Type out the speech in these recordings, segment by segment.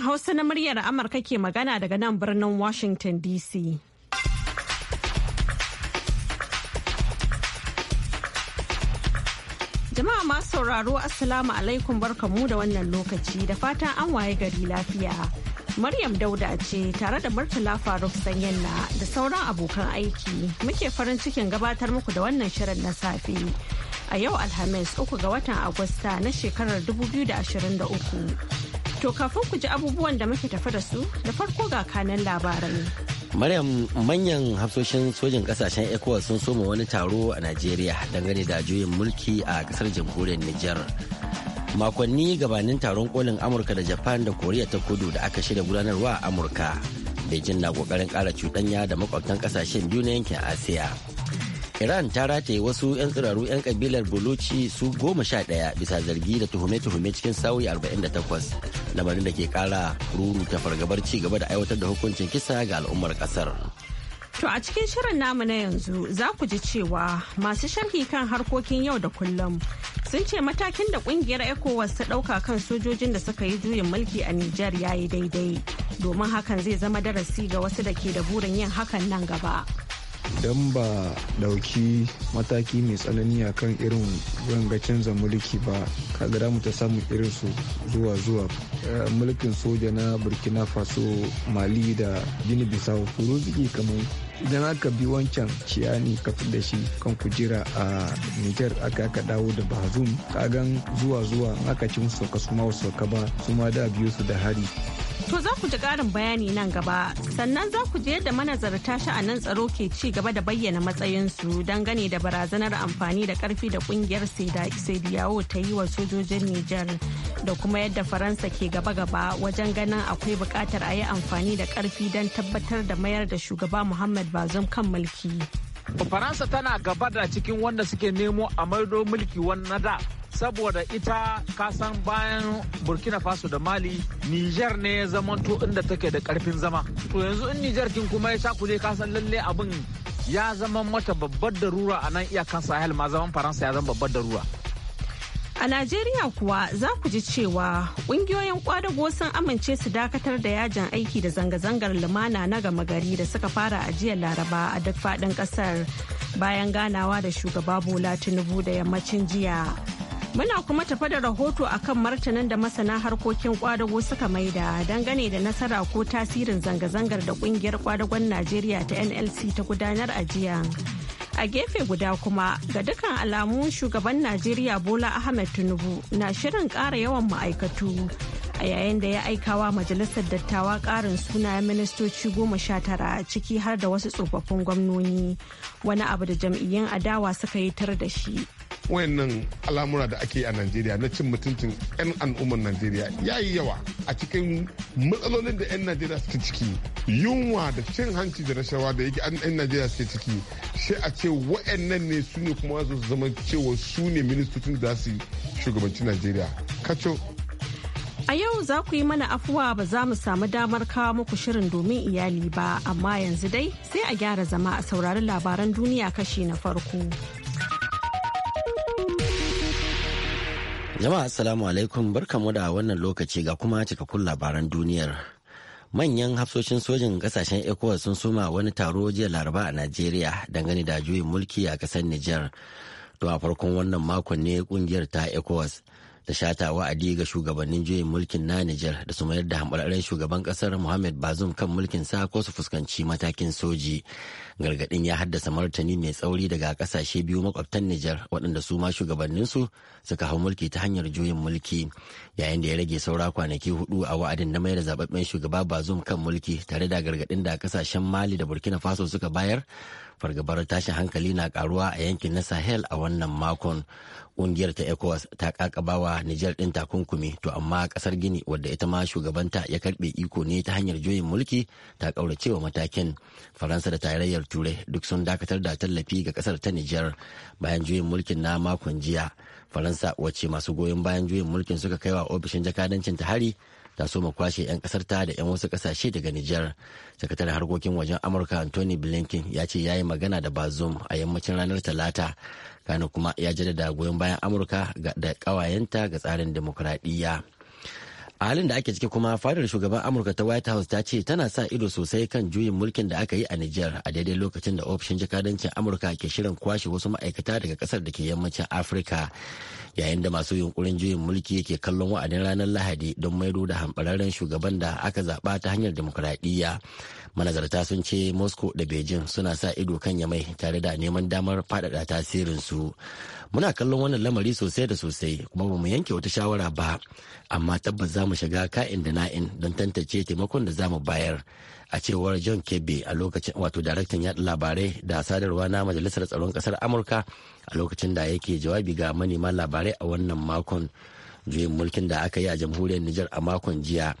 Hausa na muryar Amurka ke magana daga nan birnin Washington DC. Jama'a masu sauraro Assalamu alaikum barkamu da wannan lokaci da fatan an waye gari lafiya. Maryam Dauda ce tare da Murtala Faruk Sanyanna da sauran abokan aiki muke farin cikin gabatar muku da wannan shirin na safe. a yau alhamis uku ga watan agusta na shekarar 2023 To kafin ku ji abubuwan da muke tafa da su da farko ga kanan labaran. Maryam manyan hafsoshin sojin kasashen ECOWAS sun soma wani taro a Najeriya dangane da juyin mulki a kasar jamhuriyar Nijar. Makonni gabanin taron kolin Amurka da Japan da Koriya ta kudu da aka shirya gudanarwa a Amurka. Beijing na kokarin kara cuɗanya da makwabtan kasashen biyu na yankin Asiya. iran ta rataye wasu 'yan tsiraru 'yan kabilar buluci su goma sha ɗaya bisa zargi da tuhume-tuhume cikin sauyi 48 lamarin da ke kara ruru ta fargabar ci gaba da aiwatar da hukuncin kisa ga al'ummar kasar To a cikin shirin namu na yanzu za ku ji cewa masu sharhi kan harkokin yau da kullum sun ce matakin da kungiyar ECOWAS ta ɗauka kan sojojin da suka yi juyin mulki a Nijar ya yi daidai domin hakan zai zama darasi ga wasu da ke da burin yin hakan nan gaba. don ba dauki mataki mai tsanani a kan irin ganga canza mulki ba kaga da mu ta samu irin su zuwa zuwa eh, mulkin soja na burkina faso mali da gini bisau ziki kamar idan aka bi wancan ciyani ka da shi kan kujera a niger aka aka dawo da bazum kagan zuwa zuwa aka ci musu sauka su ma sauka ba su ma da biyu su da hari To za ku ji ƙarin bayani nan gaba, sannan za ku ji yadda manazarta sha'anin tsaro ke ci gaba da bayyana matsayin matsayinsu dangane da barazanar amfani da karfi da ƙungiyar Sediyawo ta yi wa sojojin Nijar da kuma yadda Faransa ke gaba-gaba wajen ganin akwai bukatar a yi amfani da karfi don tabbatar da mayar da shugaba Muhammad bazum kan mulki. Faransa tana gaba da cikin wanda suke nemo a maido mulki wani da saboda ita kasan bayan burkina faso da mali niger ne ya zamanto inda take da karfin zama to yanzu in niger kin kuma ya sha kuje kasan lalle abin ya zama mata babbar darura a nan iyakan sahel ma zaman faransa ya zama babbar darura A Najeriya kuwa za ku ji cewa kungiyoyin kwadago sun amince su dakatar da yajin aiki da zanga-zangar lumana na gama gari da suka fara a jiya laraba a duk faɗin ƙasar bayan ganawa da shugaba Bola Tinubu da yammacin jiya. Muna kuma tafa da rahoto a kan martanin da masana harkokin kwadago suka maida dangane da nasara ko tasirin zanga-zangar da kungiyar kwadagon Najeriya ta NLC ta gudanar a jiya. A gefe guda kuma ga dukkan alamu shugaban Najeriya Bola Ahmed Tinubu na shirin ƙara yawan ma'aikatu a yayin da ya aikawa majalisar dattawa ƙarin sunayen ministoci goma sha tara ciki har da wasu tsofaffin gwamnoni wani abu da jam'iyyun adawa suka yi tar da shi. wayannan al'amura da ake a najeriya na cin mutuncin 'yan al'ummar najeriya ya yi yawa a cikin matsalolin da 'yan najeriya suke ciki yunwa da cin hanci da rashawa da yake 'yan najeriya suke ciki sai a ce wayannan ne su ne kuma su zama cewa su ne ministocin da su shugabanci najeriya kacho A yau za ku yi mana afuwa ba za mu samu damar kawo muku shirin domin iyali ba, amma yanzu dai sai a gyara zama a saurari labaran duniya kashi na farko. Jama'a assalamu alaikum barkamu da wannan lokaci ga kuma cikakkun labaran duniyar. Manyan hafsoshin sojin kasashen ECOWAS sun suma wani taro jiya Laraba a Najeriya dangane da juyin mulki a kasar Nijar. To a farkon wannan makon ne kungiyar ta ECOWAS ta shata wa'adi ga shugabannin juyin mulkin na Nijar da su mayar da hambararren shugaban kasar Muhammad Bazoum kan mulkin sa ko su fuskanci matakin soji. Gargadin ya haddasa martani mai tsauri daga kasashe biyu makwabtan Nijar waɗanda su ma shugabannin su suka hau mulki ta hanyar juyin mulki yayin da ya rage saura kwanaki hudu a wa'adin na mayar da zababben shugaba Bazoum kan mulki tare da gargadin da kasashen Mali da Burkina Faso suka bayar fargabar tashin hankali na karuwa a yankin na sahel a wannan makon kungiyar ta ecowas ta kakabawa nijar ɗin takunkumi to amma ƙasar gini wadda ita ma shugabanta ya karɓe iko ne ta hanyar juyin mulki ta ƙauracewa matakin faransa da tarayyar turai duk sun dakatar da tallafi ga ƙasar ta nijar bayan juyin mulkin na makon jiya faransa wacce masu goyon bayan juyin mulkin suka kai wa ofishin jakadancin ta hari ta so mu kwashe 'yan kasar ta da 'yan wasu kasashe daga Nijar. Sakataren harkokin wajen Amurka Anthony Blinken ya ce ya yi magana da Bazoum a yammacin ranar Talata. Kano kuma ya jaddada goyon bayan Amurka da ƙawayenta ga tsarin demokuraɗiyya. a halin da ake ciki kuma fadar shugaban amurka ta white house ta ce tana sa ido sosai kan juyin mulkin da aka yi a niger a daidai lokacin da ofishin jakadancin amurka ke shirin kwashe wasu ma'aikata daga kasar da ke yammacin afirka yayin da masu yunkurin juyin mulki ke kallon wa'adin ranar lahadi don maido da hambararren shugaban da aka zaɓa ta hanyar demokuraɗiyya manazarta sun ce moscow da beijing suna sa ido kan yamai tare da neman damar faɗaɗa tasirinsu muna kallon wannan lamari sosai da sosai kuma ba mu yanke wata shawara ba amma tabbas za mu shiga ka'in da na'in don tantance taimakon da za mu bayar a cewar john kebe a lokacin wato daraktan yaɗa labarai da sadarwa na majalisar tsaron kasar amurka a lokacin da yake jawabi ga manema labarai a wannan makon juyin mulkin da aka yi a jamhuriyar niger a makon jiya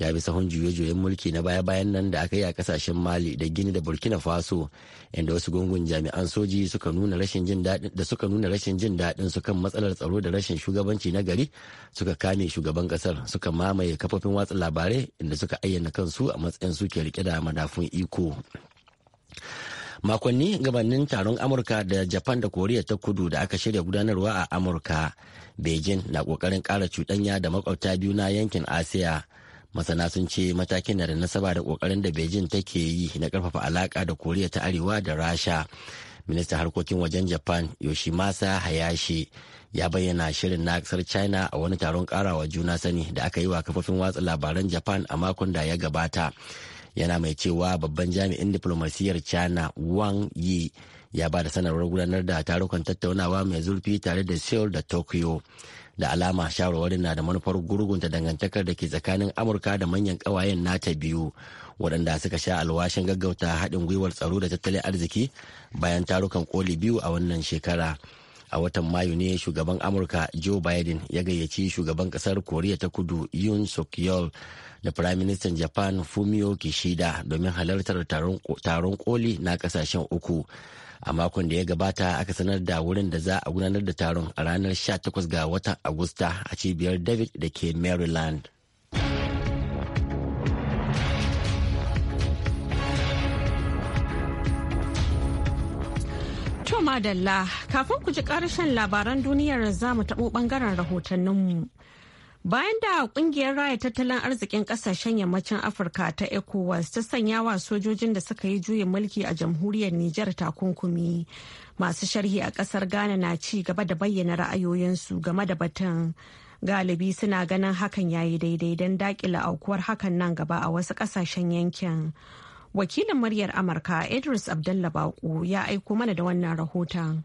ya bi sahun juye-juyen mulki na baya-bayan nan da aka yi a kasashen mali da gini da burkina faso inda wasu gungun jami'an soji da suka nuna rashin jin daɗin su kan matsalar tsaro da rashin shugabanci na gari suka kame shugaban kasar suka mamaye kafofin watsa labarai inda suka ayyana kansu a matsayin suke rike da madafun iko makonni gabanin taron amurka da japan da koriya ta kudu da aka shirya gudanarwa a amurka beijing na kokarin kara cuɗanya da makwabta biyu na yankin asiya masana sun ce matakin na da nasaba da kokarin da beijing take yi na karfafa alaka da koriya ta arewa da rasha ministan harkokin wajen japan yoshimasa hayashi ya bayyana shirin na kasar china a wani taron karawa juna sani da aka yi wa kafofin watsa labaran japan a makon da ya gabata yana mai cewa babban jami'in diplomasiyyar china wang yi ya ba da sanarwar gudanar da tarukan tattaunawa mai zurfi tare da seoul da tokyo da alama shawarwarin na da manufar gurgunta dangantakar da ke tsakanin amurka da manyan kawayen nata biyu waɗanda suka sha alwashin gaggauta haɗin gwiwar tsaro da tattalin arziki bayan tarukan koli biyu a wannan shekara a watan mayu ne shugaban amurka joe biden ya gayyaci shugaban ƙasar koriya ta kudu yun suk yeol da firaministan japan fumio kishida domin halartar taron koli na ƙasashen uku a makon da ya gabata aka sanar da wurin da za a gudanar da taron a ranar 18 ga watan agusta a cibiyar david da ke maryland madalla kafin ku ji karshen labaran duniyar za mu taɓo ɓangaren rahotanninmu. Bayan da kungiyar raya tattalin arzikin kasashen yammacin Afirka ta ECOWAS ta sanya wa sojojin da suka yi juyin mulki a jamhuriyar Nijar takunkumi. Masu sharhi a kasar Ghana na ci gaba da bayyana ra'ayoyinsu game da batun. Galibi suna ganin hakan yayi daidai don dakila aukuwar hakan nan gaba a wasu kasashen yankin. Wakilin muryar Amurka Idris Abdullah Bako ya aiko mana da wannan rahoton.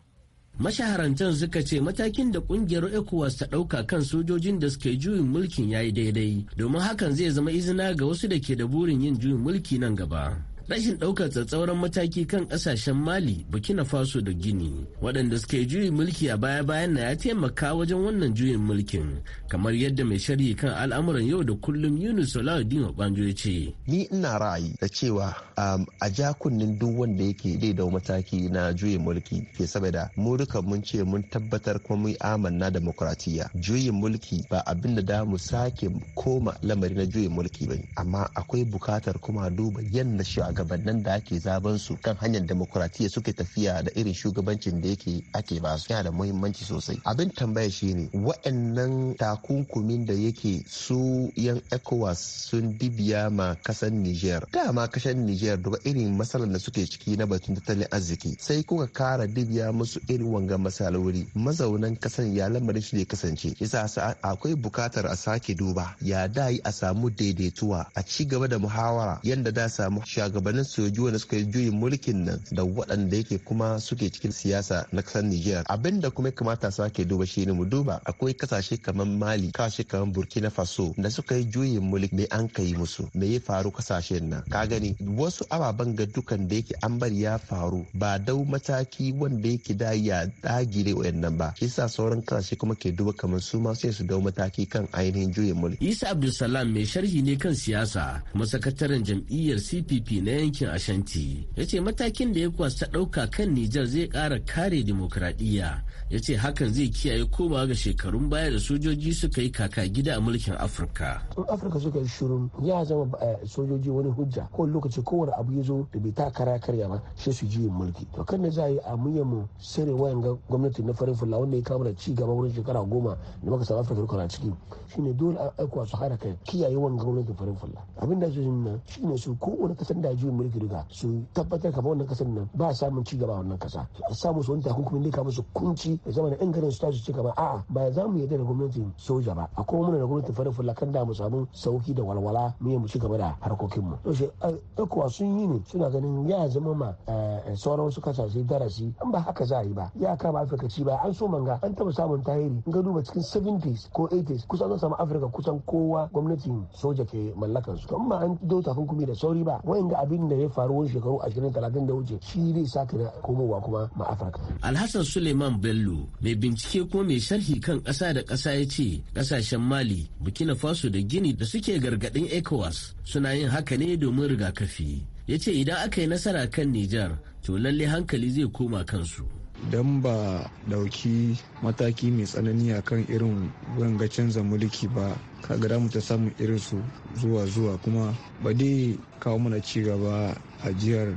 mashaharantan suka ce matakin da kungiyar ecowas ta ɗauka kan sojojin da suke juyin mulkin yayi daidai domin hakan zai zama izina ga wasu da ke da burin yin juyin mulki nan gaba rashin ɗaukar tsatsauran mataki kan ƙasashen mali burkina faso da gini waɗanda suka yi juyin mulki a baya bayan na ya taimaka wajen wannan juyin mulkin kamar yadda mai sharhi kan al'amuran yau da kullum yunus salahuddin obanjo ya ce ni ina ra'ayi da cewa um, a ja kunnin duk wanda yake dai da mataki na juyin mulki ke saboda mu duka mun ce mun tabbatar kuma mun amanna demokratiya juyin mulki ba abin da mu sake koma lamari na juyin mulki ba amma akwai bukatar kuma duba yadda shi a shugabannin da ake zaben su kan hanyar demokratiya suke tafiya da irin shugabancin da yake ake ba su yana da muhimmanci sosai abin tambaya shine wa'annan takunkumin da yake su yan ecowas sun dibiya ma kasan niger dama kasan niger da irin matsalar da suke ciki na batun tattalin arziki sai kuka kara dibiya musu irin wanga masalori mazaunan kasan ya lamarin su ne kasance yasa akwai bukatar a sake duba ya dai a samu daidaituwa a ci gaba da muhawara yadda da samu shagaban shugabannin sojoji wanda suka yi juyin mulkin nan da waɗanda yake kuma suke cikin siyasa na ƙasar Nijar. Abin da kuma kamata sake duba shi ne mu duba akwai kasashe kamar Mali, kasashe kamar Burkina Faso da suka yi juyin mulki me an kai musu me ya faru kasashen nan. Ka gani wasu ababen ga dukan da yake an bar ya faru ba dau mataki wanda yake da ya dagire wayannan ba. sa sauran kasashe kuma ke duba kamar su ma sai su dau mataki kan ainihin juyin mulki. Isa salam mai sharhi ne kan siyasa masakatar jam'iyyar CPP ne. yankin Ashanti ya ce matakin da ya kwasta ɗauka kan Nijar zai kara kare dimokuraɗiyya ya ce hakan zai kiyaye koma ga shekarun baya da sojoji suka yi kaka gida a mulkin Afirka. In Afirka suka yi shirin ya zama eh, sojoji wani hujja ko lokaci kowane abu ya zo da bai ta kara karya ba sai su ji mulki. To kan da za a yi a muyan mu sare wayan ga gwamnati na farin fula wanda ya kama da ci gaba wurin shekara goma da muka samu Afirka duka ciki shine dole a ECOWAS su haɗa kai kiyaye wani gwamnati farin fula Abin da su shine su ko wani kasan da juyin mulki duka su tabbatar kamar wannan kasar nan ba samun ci gaba wannan kasa a samu su wani takunkumin ne kamar su kunci ya zama da yan garin su tashi cikin ba a'a ba za mu yarda da gwamnatin soja ba a kuma muna da gwamnatin farin fulla kan da mu samu sauki da walwala mu yi mu ci gaba da mu to shi ekowa sun yi ne suna ganin ya zama ma eh, sauran wasu kasashe darasi an ba haka za a yi ba ya kama afirka ci ba an so manga an taba samun tahiri in ka duba cikin 70s ko 80s kusan an samu afirka kusan kowa gwamnatin soja ke mallakan su to an dau hukumi da sauri ba wayanda ga abin da ya faru wani shekaru 20 30 da wuce shi zai na komowa kuma ma Afirka. Alhassan Suleiman Bello mai bincike ko mai sharhi kan ƙasa da ƙasa ya ce ƙasashen Mali, Burkina Faso da Gini da suke gargaɗin ECOWAS suna yin haka ne domin rigakafi. Ya ce idan aka yi nasara kan Nijar to lalle hankali zai koma kansu. dan ba dauki mataki mai tsanani a kan irin gangacin mulki ba kaga da mu ta samu irin su zuwa zuwa kuma ba dai kawo mana ci gaba a jihar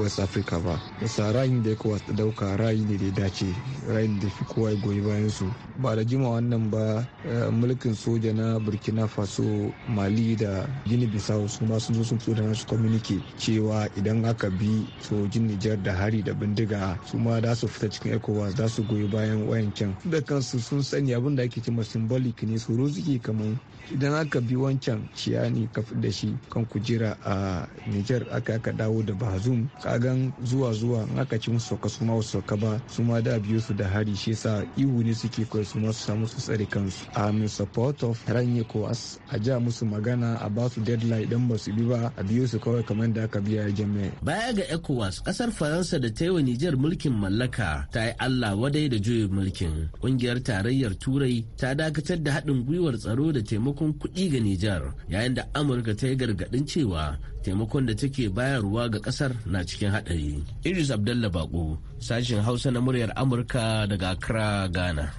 west africa ba bisa rayin da ya kawo dauka rayi ne da ya dace rayin da fi kowa ya goyi bayan su ba da jima wannan ba eh, mulkin soja na burkina faso mali da gini bisau su ma sun zo sun fito da nasu kwaminike cewa idan aka bi sojin nijar da hari da bindiga su ma da su fita cikin ecowas za su goyi bayan wayancan da kansu sun sani abin da ake cewa symbolic ne su ruzi ciki kamar idan aka bi wancan ciyani ka da shi kan kujera a niger aka aka dawo da bazum kagan zuwa zuwa in aka ci musu soka suma wasu soka ba su ma da biyu su da hari shi sa ihu ne suke kai su ma su samu su tsare kansu a min support of ranye ko as a ja musu magana a ba su deadline idan ba su bi ba a biyo su kawai kamar da aka biya jami'a baya ga ecowas kasar faransa da ta yi wa niger mulkin mallaka ta yi allah wadai da juyin mulkin kungiyar tarayyar turai ta dakatar da haɗin gwiwar tsaro da taimakon kuɗi ga Nijar yayin da Amurka ta yi gargaɗin cewa taimakon da take bayarwa ga ƙasar na cikin haɗari. Idris Abdallah Bako, sashin Hausa na muryar Amurka daga Accra, Ghana.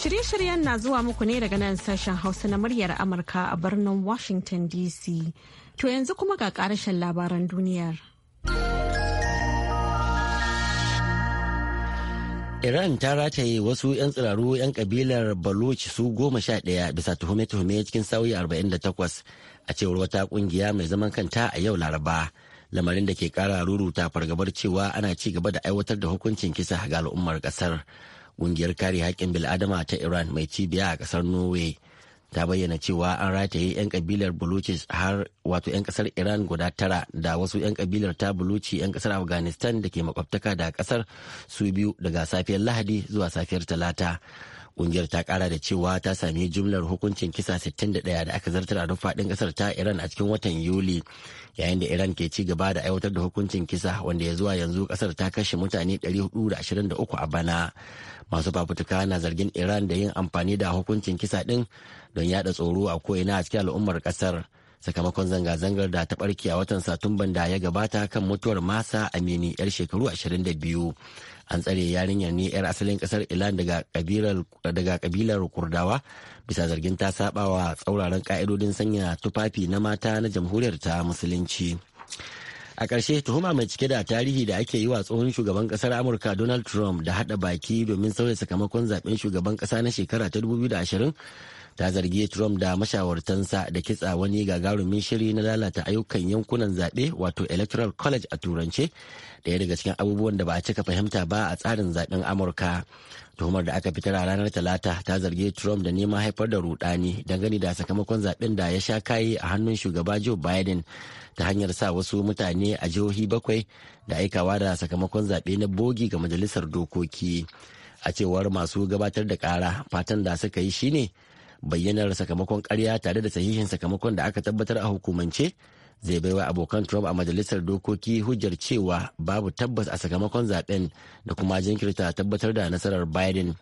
Shirye-shiryen na zuwa muku ne daga nan sashen Hausa na muryar Amurka a birnin Washington DC. To yanzu kuma ga ƙarashen labaran duniyar. Iran ta rataye wasu 'yan tsiraru 'yan kabilar Baloch su goma sha ɗaya bisa tuhume-tuhume cikin sauyi 48 a cewar wata kungiya mai zaman kanta a yau Laraba. Lamarin da ke kara ruruta fargabar cewa ana ci gaba da aiwatar da hukuncin kisa ga al'ummar kasar. Kungiyar kare haƙƙin bil'adama ta Iran mai cibiya a kasar Norway ta bayyana cewa an rataye 'yan kabilar buluchis har wato 'yan kasar iran guda tara da wasu 'yan kabilar ta buluci 'yan kasar afghanistan da ke makwabtaka da kasar su biyu daga safiyar lahadi zuwa safiyar talata Kungiyar ta kara da cewa ta sami jumlar hukuncin kisa 61 da aka zartar a duk faɗin ƙasar ta Iran a cikin watan Yuli yayin da Iran ke ci gaba da aiwatar da hukuncin kisa wanda ya zuwa yanzu kasar ta kashe mutane 423 a bana. Masu fafutuka na zargin Iran da yin amfani da hukuncin kisa ɗin don yada tsoro a ko'ina a cikin al'ummar kasar sakamakon zanga-zangar da ta barke a watan satumban da ya gabata kan mutuwar masa amini yar shekaru 22 an tsare yarinyar ne 'yar asalin kasar ilan daga kabilar kurdawa bisa zargin ta saba wa tsauraran ka'idodin sanya tufafi na mata na jamhuriyar ta musulunci a ƙarshe tuhuma mai cike da tarihi da ake yi wa tsohon shugaban ƙasar amurka donald trump da haɗa baki domin sauya sakamakon zaben shugaban ƙasa na shekara ta 2020 ta zargi Trump da mashawartansa da kitsa wani gagarumin shiri na lalata ayyukan yankunan zaɓe wato Electoral College a turance daya daga cikin abubuwan da ba a cika fahimta ba a tsarin zaɓen Amurka. Tuhumar da aka fitar a ranar Talata ta zargi Trump da neman haifar da rudani dangane da sakamakon zaɓen da ya sha kayi a hannun shugaba Joe Biden ta hanyar sa wasu mutane a jihohi bakwai da aikawa da sakamakon zaɓe na bogi ga majalisar dokoki. A cewar masu gabatar da kara fatan da suka yi shine bayyanar sakamakon karya tare da sahihin sakamakon da aka tabbatar a hukumance zai baiwa abokan trump a majalisar dokoki hujjar cewa babu tabbas a sakamakon zaben da kuma jinkirta tabbatar da nasarar biden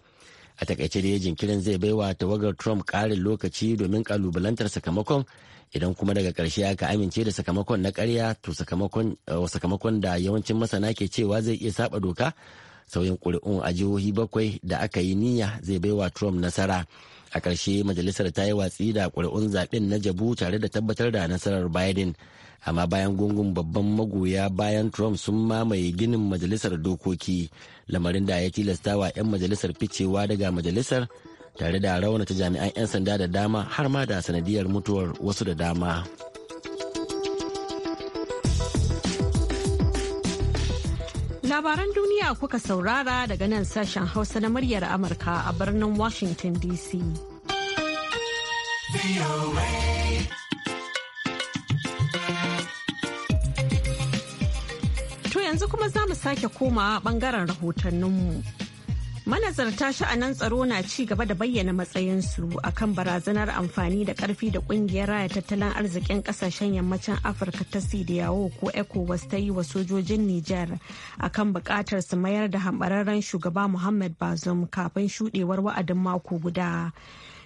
a takaice da jinkirin zai baiwa tawagar trump karin lokaci domin kalubalantar sakamakon idan kuma daga karshe aka amince da sakamakon na karya to eh, sakamakon da yawancin masana ke cewa zai iya saba doka sauyin kuri'un a jihohi bakwai da aka yi niyya zai baiwa trump nasara a ƙarshe majalisar ta yi watsi da ƙuri'un zaɓen na jabu tare da tabbatar da nasarar biden amma bayan gungun babban magoya bayan trump sun mamaye ginin majalisar dokoki lamarin da ya tilasta wa 'yan majalisar ficewa daga majalisar tare da raunata jami'an 'yan sanda da dama har ma da sanadiyar mutuwar wasu da dama. Labaran duniya kuka saurara daga nan sashen Hausa na muryar Amurka a birnin Washington DC. To yanzu kuma za mu sake koma bangaren rahotanninmu. manazarta sha'anan tsaro na ci gaba da bayyana matsayin su akan barazanar amfani da karfi da kungiyar raya tattalin arzikin kasashen yammacin afirka ta sidiyawo ko ecowas ta yi wa sojojin niger akan bukatar su mayar da hambararren shugaba muhammad bazoum kafin shudewar wa'adin mako guda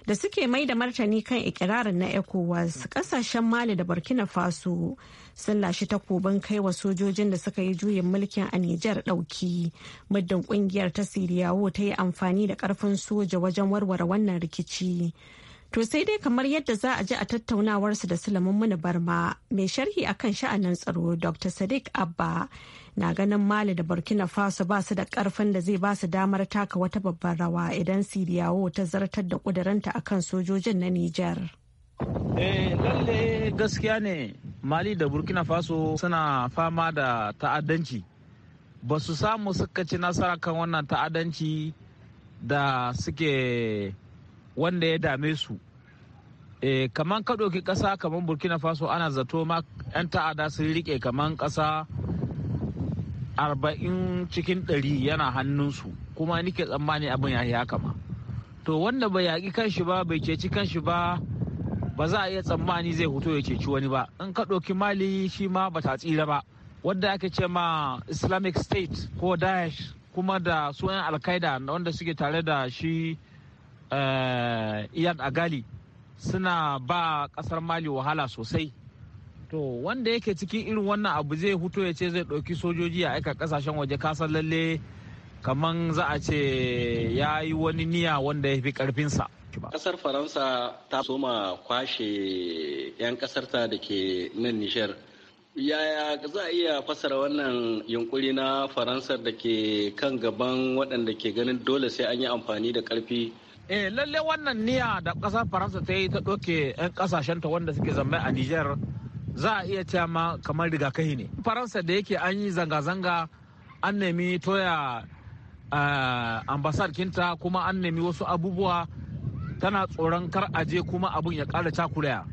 da suke mai da martani kan ikirarin na ecowas kasashen mali da burkina faso sun lashe takobin kai wa sojojin da suka yi juyin mulkin a nijar dauki muddin kungiyar ta siriyawo ta yi amfani da karfin soja wajen warware wannan rikici to sai dai kamar yadda za a ji a tattaunawarsu da sulamin muni barma mai sharhi akan sha'anin tsaro dr sadiq abba na ganin mali da burkina faso ba su da karfin da zai ba su damar taka wata babbar rawa idan siriyawo ta zartar da kudurinta akan sojojin na nijar eh, lalle gaskiya ne Mali da Burkina Faso suna fama da ta'addanci. Ba su samu suka ci nasara kan wannan ta'addanci da suke wanda ya dame su. E, kaman ka ɗauki ƙasa kamar Burkina Faso ana zato ma 'yan ta'ada sun riƙe kaman ƙasa arba'in cikin ɗari yana hannunsu kuma nike tsammani abin ya haka ma to wanda bai yaƙi kanshi ba bai ceci kanshi ba ba za a iya tsammani zai hoto ya ceci wani ba in ka ɗauki mali shi ma ba ta tsira ba wanda ake ce ma islamic state ko daesh kuma da su 'yan alkaida wanda suke tare da shi eh, iyan agali suna ba ƙasar mali wahala sosai To wanda yake cikin irin wannan abu zai huto ya ce zai ɗauki sojoji a aika kasashen waje kasan lalle kamar za a ce ya yi wani niya wanda ya fi ƙarfinsa. Kasar Faransa ta soma kwashe 'yan kasarta da ke nan Nijar. Yaya za a iya fasara wannan yunkuri na Faransa da ke kan gaban waɗanda ke ganin dole sai an yi amfani da ƙarfi eh lalle wannan niyya da ƙasar faransa ta yi ta ɗauke 'yan ƙasashenta wanda suke zambe a nijar. za a iya cewa ma kamar rigakafi ne faransa da yake an yi zanga-zanga an nemi toya eh, ambasar kinta kuma an nemi wasu abubuwa tana tsoron kar a je kuma abin ya ƙara cakuraya.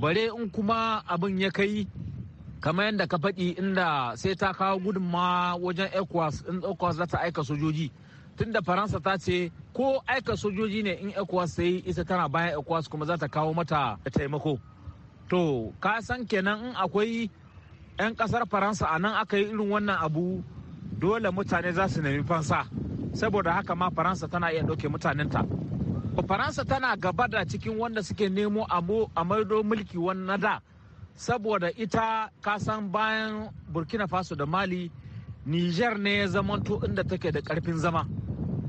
bare in kuma abin ya kai kamar yadda ka faɗi inda sai ta kawo gudunma wajen ecowas in ecowas za ta aika sojoji tunda faransa ta ce ko aika sojoji ne in ecowas sai isa tana bayan ecowas kuma za ta kawo mata taimako to ka san kenan in akwai 'yan kasar faransa a nan aka yi irin wannan abu dole mutane za su nemi fansa saboda haka ma faransa tana iya ɗauke mutanenta faransa tana gaba da cikin wanda suke nemo a maido mulki na da saboda ita kasan bayan burkina faso da mali niger ne ya zamanto inda take da karfin zama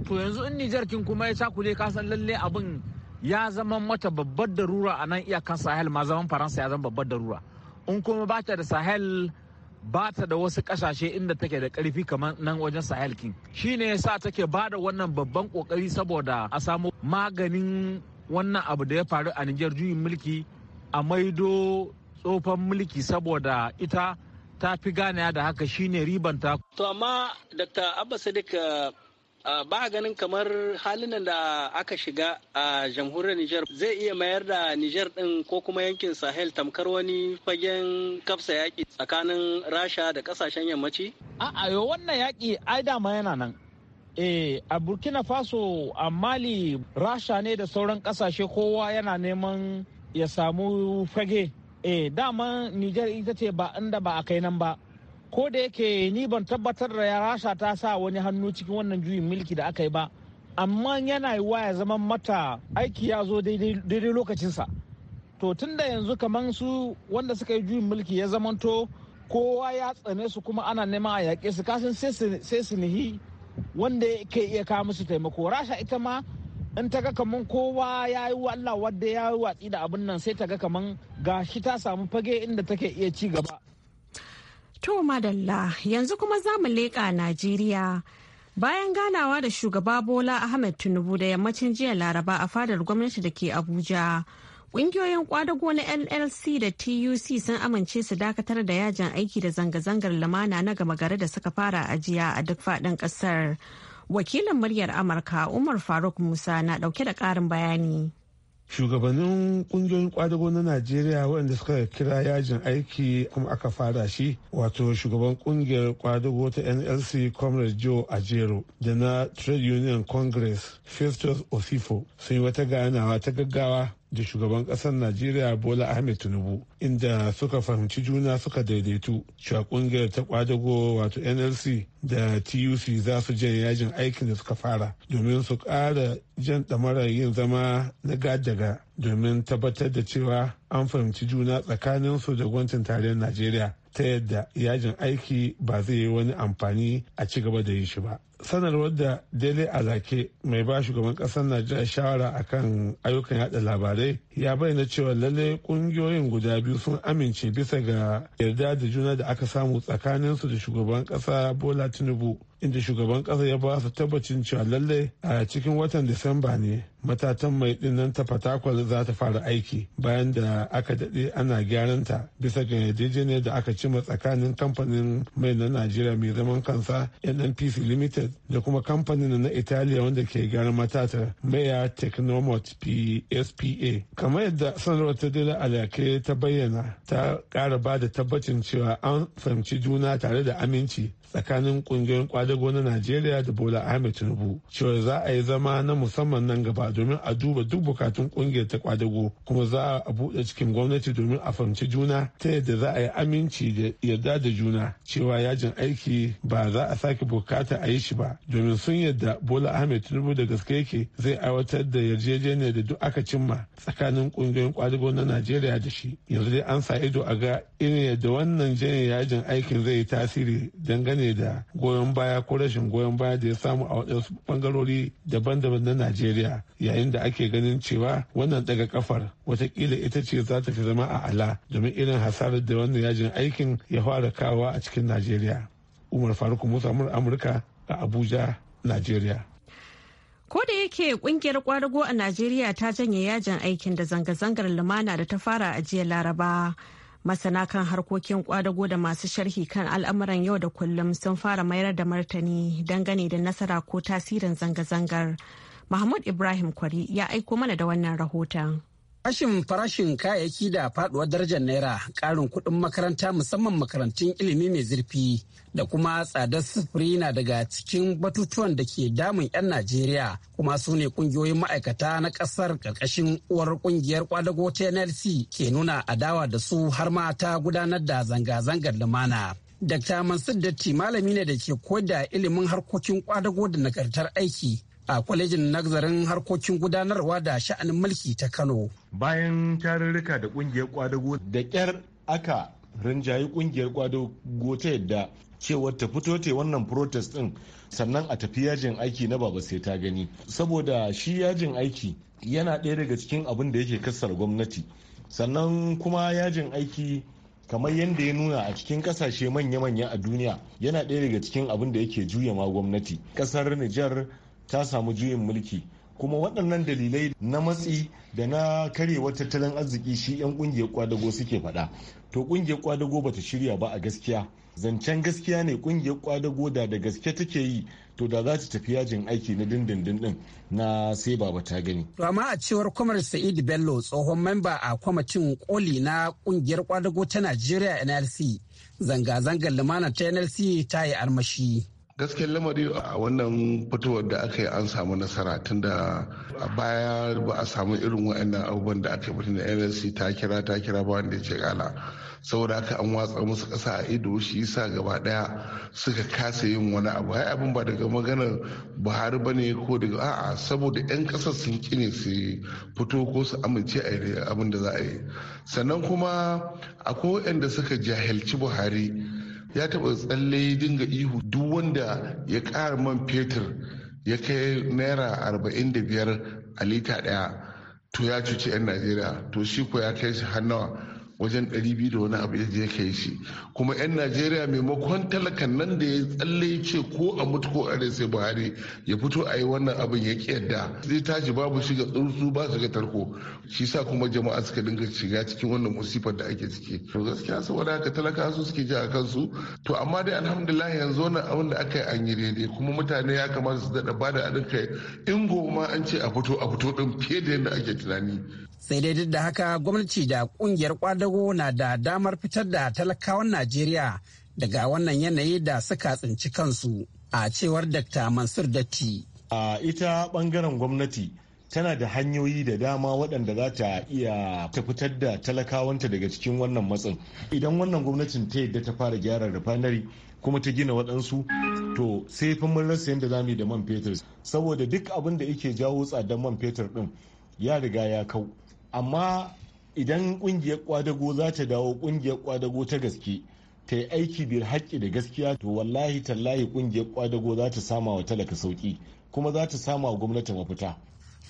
to yanzu in niger kin kuma ya cakule kasan lalle abin ya zama mata babbar darura a nan iyakan sahel ma zaman faransa ya zama babbar darura in kuma ba ta da sahel ba ta da wasu kasashe inda take da karfi kamar nan wajen sahel king shine sa take ba da wannan babban kokari saboda a samu maganin wannan abu da ya faru a niger juyin mulki a maido tsofan mulki saboda ita ta fi ganiya da haka shine ribanta to amma dr abba sadiq Ah, ba ganin kamar halin da aka shiga a jamhuriyar Nijar zai iya mayar da Nijar ɗin ko kuma yankin Sahel tamkar wani fagen kafsa yaƙi tsakanin Rasha da ƙasashen yammaci? A'a ayo wannan yaƙi ai dama yana nan. Eh, a Burkina Faso a Mali Rasha ne da sauran ƙasashe kowa yana neman ya samu fage. Eh, dama Nijar ita ce ba inda ba a kai nan ba. ko da yake ni ban tabbatar da rasha ta sa wani hannu cikin wannan juyin mulki da aka yi ba amma yana wa ya zama mata aiki ya zo daidai lokacinsa to tun da yanzu kamar su wanda suka yi juyin mulki ya zamanto kowa ya tsane su kuma ana neman a yaƙe su kasan sai su nihi wanda ke iya kawo musu taimako rasha ita ma in ta ga kaman kowa ya yi Allah wadda ya yi watsi da abin nan sai ta ga kaman gashi ta samu fage inda take iya ci gaba To madalla yanzu kuma za mu leƙa Najeriya. Bayan ganawa da shugaba Bola Ahmed Tinubu da yammacin jiya Laraba a fadar gwamnati da ke Abuja. Ƙungiyoyin ƙwadago na NLC da TUC sun amince su dakatar da yajin aiki da zanga-zangar lamana na gama gari da suka fara ajiya a duk faɗin ƙasar. Wakilin muryar Amurka Umar Faruk Musa na ɗauke da ƙarin bayani. shugabannin kungiyoyin kwadago na najeriya waɗanda suka kira yajin aiki kuma aka fara shi wato shugaban kungiyar kwadago ta nlc comrade joe ajero da na trade union congress festus osifo sun yi wata ganawa ta gaggawa da shugaban kasar najeriya bola ahmed tinubu inda suka fahimci juna suka daidaitu cewa kungiyar ta kwadago wato nlc da tuc za su jan yajin aikin da suka fara domin su kara jan damarar yin zama na gadaga domin tabbatar da cewa an fahimci juna tsakanin su da gwamnatin tarayyar najeriya ta yadda yajin aiki ba zai yi wani amfani a ci gaba da yi shi ba sanarwar da dele alake mai ba shugaban kasar najeriya shawara akan ayyukan yada labarai ya bayyana cewa lalle kungiyoyin guda biyu sun amince bisa ga yarda da juna da aka samu tsakanin su da shugaban kasa bola tinubu inda shugaban kasa ya ba su tabbacin cewa lallai a cikin watan Disamba ne matatan mai dinnan ta fatakwal za ta fara aiki bayan da aka daɗe ana gyaran ta bisa ga yarjejeniyar da aka cima tsakanin kamfanin mai na najeriya mai zaman kansa nnpc limited da kuma kamfanin na italiya wanda ke gyaran matata maya technomot pspa kamar yadda sanarwar ta dila alake ta bayyana ta kara ba da tabbacin cewa an fahimci juna tare da aminci tsakanin kungiyoyin kwadago na najeriya da bola ahmed tinubu cewa za a yi zama na musamman nan gaba domin a duba duk bukatun kungiyar ta kwadago kuma za a buɗe cikin gwamnati domin a fahimci juna ta yadda za a yi aminci da yarda da juna cewa yajin aiki ba za a sake bukata a yi shi ba domin sun yadda bola ahmed tinubu da gaske yake zai aiwatar da yarjejeniyar da duk aka cimma tsakanin kungiyoyin kwadago na najeriya da shi yanzu dai an sa ido a ga irin yadda wannan janye yajin aikin zai yi tasiri dangane ne da goyon baya ko rashin goyon baya da ya samu a wadansu bangarori daban-daban na najeriya yayin da ake ganin cewa wannan daga kafar watakila ita ce za ta fi zama a ala domin irin hasarar da wannan yajin aikin ya fara kawo a cikin najeriya umar faruk musa amurka a abuja najeriya Ko da yake kungiyar kwadago a Najeriya ta janye yajin aikin da zanga-zangar lumana da ta fara a jiya Laraba. masana kan harkokin kwadago da masu sharhi kan al'amuran yau da kullum sun fara mayar da martani dangane da nasara ko tasirin zanga-zangar mahmud ibrahim kwari ya aiko mana da wannan rahoton Rashin farashin kayayyaki da faduwar darajar naira, ƙarin kuɗin makaranta musamman makarantun ilimi mai zurfi da kuma tsadar sufuri na daga cikin batutuwan da ke damun 'yan Najeriya kuma su ne ƙungiyoyin ma'aikata na ƙasar ƙarƙashin uwar ƙungiyar kwadago ta NLC ke nuna adawa da su har ma ta gudanar da zanga-zangar lumana. Dr. Mansur Datti malami ne da ke koyar da ilimin harkokin kwadago da nagartar aiki a kwalejin nazarin harkokin gudanarwa da sha'anin mulki ta kano bayan tarurruka da kungiyar kwadago da kyar aka rinjayi kungiyar kwadago ta yadda cewar ta fito te wannan protest din sannan a tafi yajin aiki na baba sai ta gani saboda shi yajin aiki yana ɗaya daga cikin abin da yake kassar gwamnati sannan kuma yajin aiki kamar yadda ya nuna a cikin kasashe manya-manya a duniya yana ɗaya daga cikin abin da yake juya ma gwamnati kasar nijar ta samu juyin mulki kuma waɗannan dalilai na matsi da na karyewar tattalin arziki shi 'yan ƙungiyar kwadago suke faɗa to ƙungiyar kwadago ta shirya ba a gaskiya zancen gaskiya ne ƙungiyar kwadago da da gaske take yi to da za ta tafi yajin aiki na dindindin din na sai baba ta gani. To amma a cewar kwamar Sa'id Bello tsohon memba a kwamitin koli na ƙungiyar kwadago ta Najeriya NLC zanga-zangar lumana ta NLC ta yi armashi. gaskiyar lamari a wannan fitowar da aka yi an samu nasara tunda a baya ba a samu irin wa'annan abubuwan da aka yi da nlc ta kira ta kira ba wanda ya ce kala saboda haka an watsa musu kasa a ido shi yasa gaba daya suka kasa yin wani abu ai abin ba daga maganar buhari ba ne ko daga a'a saboda 'yan kasar sun kine su fito ko su amince a yi abin da za a yi sannan kuma akwai waɗanda suka jahilci buhari ya taba tsalle dinga ihu duk wanda ya ƙara man fetur ya kai naira arba'in da biyar a lita ɗaya to ya cuci 'yan najeriya to shi ko ya kai shi hannawa wajen 200 da wani abu ya kai shi kuma 'yan najeriya maimakon talakan nan da ya tsalle ce ko a mutu ko a sai buhari ya fito a yi wannan abin ya kiyarda zai tashi babu shiga tsuntsu ba su ga tarko shi sa kuma jama'a suka dinga shiga cikin wannan musifar da ake ciki to gaskiya saboda haka talaka su suke ji a kansu to amma dai alhamdulillah yanzu wannan abin da aka yi an yi daidai kuma mutane ya kamata su daɗa bada haɗin kai in goma an ce a fito a fito ɗin fiye da yadda ake tunani sai dai duk da haka gwamnati da kungiyar kwadago na da damar fitar da talakawan najeriya daga wannan yanayi da suka tsinci kansu a cewar dr mansur datti a ita bangaren gwamnati tana da hanyoyi da dama waɗanda za ta iya ta fitar da talakawanta daga cikin wannan matsin idan wannan gwamnatin ta yadda ta fara gyara refinery kuma ta gina waɗansu to sai fi mun rasa yadda zamu yi da man fetur saboda duk abin da yake jawo tsadar man fetur ɗin ya riga ya kau amma idan kungiyar kwadago za ta dawo kungiyar kwadago ta gaske ta yi aiki bil haƙƙi da gaskiya to wallahi tallahi kungiyar kwadago za ta sama wa talaka sauki kuma za ta sama wa gwamnati mafita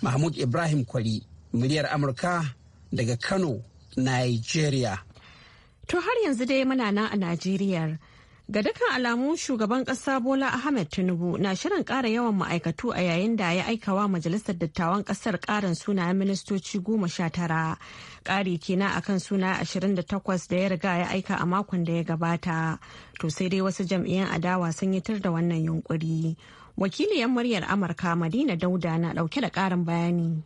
mahmud ibrahim kwari miliyar amurka daga kano nigeria to har yanzu dai muna nan a nigeria Ga dukkan alamu shugaban ƙasa Bola Ahmed Tinubu na shirin kara yawan ma'aikatu a yayin da ya aikawa majalisar dattawan ƙasar ƙarin sunayen ministoci goma sha tara. Ƙari kenan akan suna ashirin da takwas da ya riga ya aika a makon da ya gabata. To sai dai wasu jam'iyyan adawa sun yi tar da wannan yunƙuri. Wakiliyar muryar Amurka Madina Dauda na dauke da ƙarin bayani.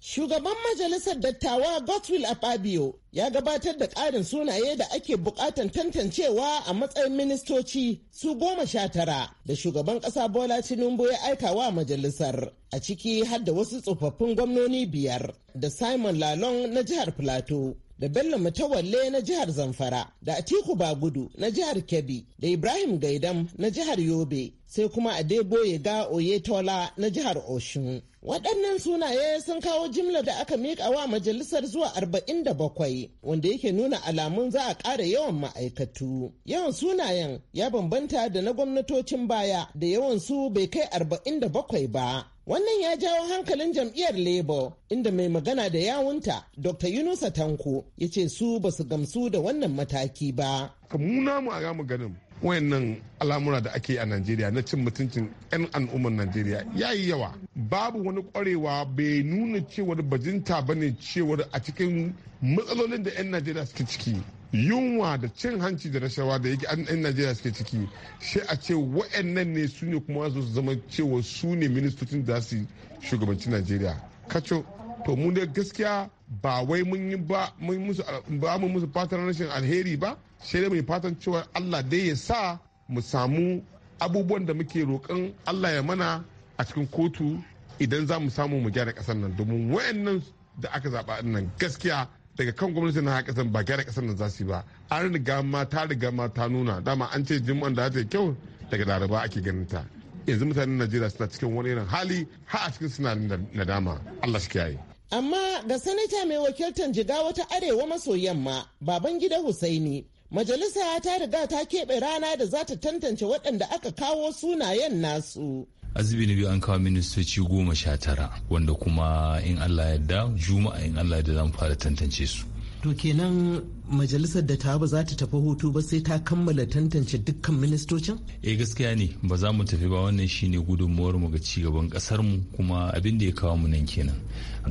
Shugaban Majalisar Dattawa Godswill Akpabio ya gabatar da ƙarin sunaye da ake buƙatan tantancewa a matsayin ministoci su goma sha tara da shugaban ƙasa Bola Tinubu ya aika wa majalisar a ciki har wasu tsofaffin gwamnoni biyar da Simon Lalong na jihar Plateau. da Bello Mutawalle na jihar Zamfara da Atiku Bagudu na jihar Kebbi da Ibrahim Gaidam na jihar Yobe sai kuma Adebo ya Ga Oyetola na jihar Oshun. Waɗannan sunaye sun kawo jimla da aka miƙa wa majalisar zuwa arba'in da bakwai, wanda yake nuna alamun za a ƙara yawan ma'aikatu. Yawan sunayen ya bambanta da na gwamnatocin baya da yawan su bai kai arba'in da bakwai ba. Wannan ya jawo hankalin jam'iyyar Labour inda mai magana da yawunta Dr. Yunusa Tanko ya ce su ba su gamsu da wannan mataki ba. Kamuna mu a ganin wayannan al'amura da ake a najeriya na cin mutuncin 'yan al'ummar najeriya ya yi yawa babu wani kwarewa bai nuna cewar bajinta ba ne cewar a cikin matsalolin da 'yan najeriya suke ciki yunwa da cin hanci da rashawa da yake an 'yan najeriya suke ciki sai a ce wayannan ne su ne kuma su zama cewa su ne ministocin da su shugabanci najeriya kacho to mu da gaskiya ba wai mun yi ba mun musu ba mu musu fatan rashin alheri ba sai dai mai fatan cewa allah dai ya sa mu samu abubuwan da muke roƙon allah ya mana a cikin kotu idan za mu samu mu gyara ƙasar nan domin wayannan da aka zaɓa nan gaskiya daga kan gwamnati na ƙasar ba gyara ƙasar nan za su yi ba an riga ma ta riga ma ta nuna dama an ce jimman da ta yi kyau daga laraba ake ganin ta yanzu mutanen najeriya suna cikin wani irin hali har a cikin suna nadama allah shi kiyaye amma ga sanata mai wakiltan jigawa ta arewa maso yamma baban gida husaini Majalisa ya ta riga ta keɓe rana da za ta tantance waɗanda aka kawo sunayen nasu. azubi na biyu an kawo ministoci goma sha tara wanda kuma in allah yadda juma'a in allah yadda zamu fara tantance su to kenan majalisar da ta ba za ta tafi hutu ba sai ta kammala tantance dukkan ministocin eh gaskiya ne ba za mu tafi ba wannan shine gudunmuwar mu ga cigaban kasar mu kuma abin da ya kawo mu nan kenan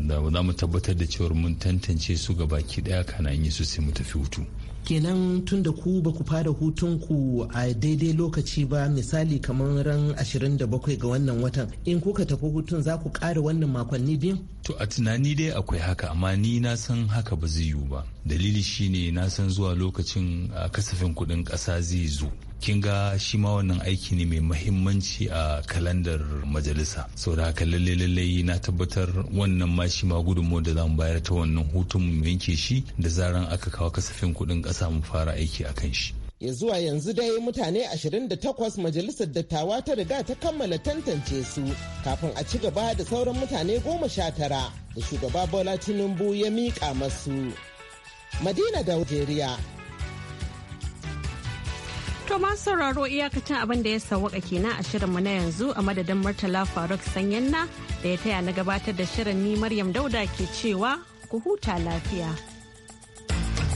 da za mu tabbatar da cewar mun tantance su ga baki ɗaya kana yi su sai mu tafi hutu kenan tun da ku ba ku fara hutun ku a daidai lokaci ba misali kamar ran 27 ga wannan watan in kuka tafi hutun za ku ƙara wannan makonni biyu to a tunani dai akwai haka amma ni na san haka ba zai yiwu ba dalili shine na san zuwa lokacin kasafin kudin ƙasa zai zo kin ga shi ma wannan aiki ne mai mahimmanci a kalandar majalisa da haka lalle lalle na tabbatar wannan ma shi ma gudunmu da zamu bayar ta wannan hutun mu yanke shi da zaran aka kawo kasafin kuɗin ƙasa mu fara aiki a kan shi ya zuwa yanzu dai mutane 28 majalisar dattawa ta riga ta kammala tantance su kafin a ci gaba da sauran mutane goma sha tara da shugaba bola tinubu ya miƙa masu madina da To masu sauraro iyakacin abin da ya sauwaka kenan a shirin mu na yanzu a madadin Murtala Faruk Sanyanna da ya taya na gabatar da shirin ni Maryam Dauda ke cewa ku huta lafiya.